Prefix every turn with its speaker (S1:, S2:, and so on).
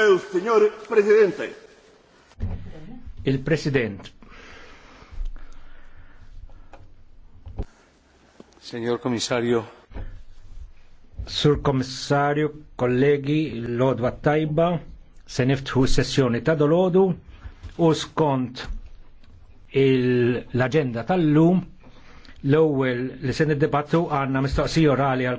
S1: El Signor Presidente.
S2: Il-President. Signor Commissario.
S3: Sur Commissario, kollegi, l-odwa tajba, se niftħu sessjoni ta' dolodu u skont l-agenda tal-lum l ewel li se niddebattu għanna mistoqsija orali għal